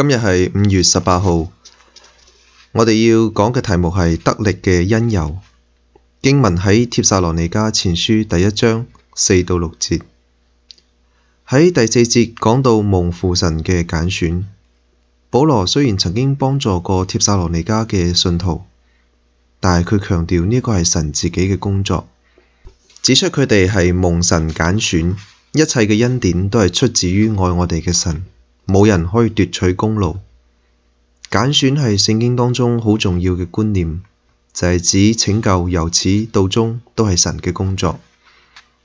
今日係五月十八號，我哋要講嘅題目係得力嘅因由。經文喺帖撒羅尼加前書第一章四到六節，喺第四節講到蒙父神嘅揀選。保羅雖然曾經幫助過帖撒羅尼加嘅信徒，但係佢強調呢個係神自己嘅工作，指出佢哋係蒙神揀選，一切嘅恩典都係出自於愛我哋嘅神。冇人可以奪取功勞，揀選係聖經當中好重要嘅觀念，就係、是、指拯救由始到終都係神嘅工作。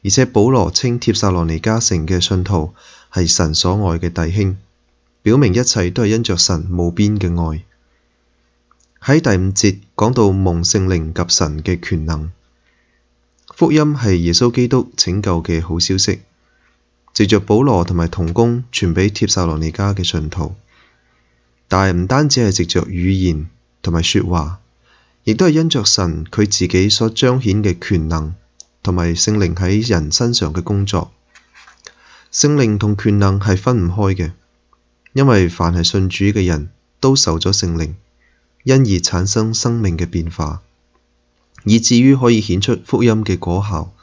而且保羅稱帖撒羅尼加城嘅信徒係神所愛嘅弟兄，表明一切都係因着神無邊嘅愛。喺第五節講到蒙聖靈及神嘅權能，福音係耶穌基督拯救嘅好消息。藉着保羅同埋同工傳俾帖撒羅尼迦嘅信徒，但係唔單止係藉着語言同埋說話，亦都係因着神佢自己所彰顯嘅權能同埋聖靈喺人身上嘅工作。聖靈同權能係分唔開嘅，因為凡係信主嘅人都受咗聖靈，因而產生生命嘅變化，以至於可以顯出福音嘅果效。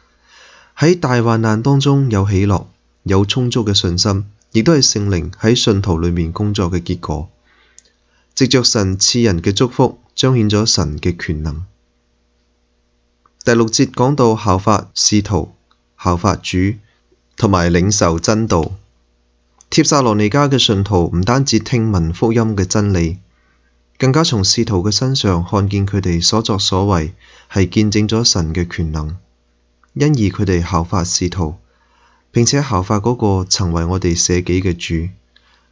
喺大患難當中有喜樂。有充足嘅信心，亦都係聖靈喺信徒裏面工作嘅結果。藉着神賜人嘅祝福，彰顯咗神嘅權能。第六節講到效法使徒、效法主，同埋領受真道。帖撒羅尼迦嘅信徒唔單止聽聞福音嘅真理，更加從使徒嘅身上看見佢哋所作所為，係見證咗神嘅權能，因而佢哋效法使徒。並且效法嗰個曾為我哋捨己嘅主，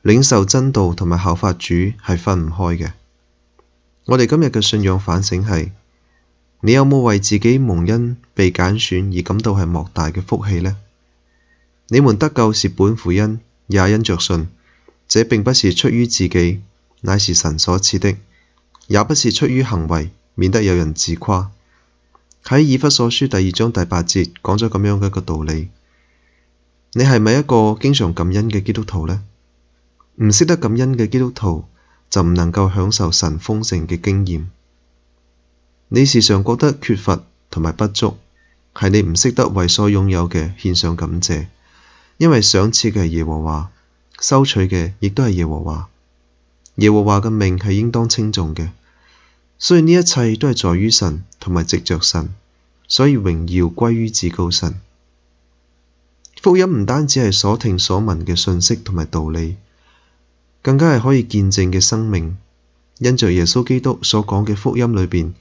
領受真道同埋效法主係分唔開嘅。我哋今日嘅信仰反省係：你有冇為自己蒙恩被揀選而感到係莫大嘅福氣呢？你們得救是本乎恩，也因着信，這並不是出於自己，乃是神所賜的，也不是出於行為，免得有人自誇。喺以弗所書第二章第八節講咗咁樣嘅一個道理。你係咪一個經常感恩嘅基督徒呢？唔識得感恩嘅基督徒就唔能夠享受神豐盛嘅經驗。你時常覺得缺乏同埋不足，係你唔識得為所擁有嘅獻上感謝，因為賞賜嘅係耶和華，收取嘅亦都係耶和華。耶和華嘅名係應當稱頌嘅，所以呢一切都係在於神同埋藉着神，所以榮耀歸於至高神。福音唔單止係所聽所聞嘅信息同埋道理，更加係可以見證嘅生命。因着耶穌基督所講嘅福音裏邊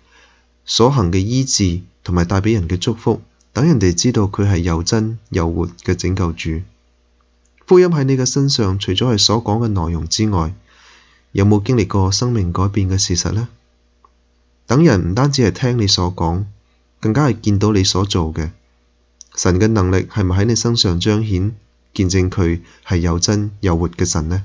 所行嘅醫治，同埋帶畀人嘅祝福，等人哋知道佢係又真又活嘅拯救主。福音喺你嘅身上，除咗係所講嘅內容之外，有冇經歷過生命改變嘅事實呢？等人唔單止係聽你所講，更加係見到你所做嘅。神嘅能力係咪喺你身上彰顯，見證佢係又真又活嘅神呢？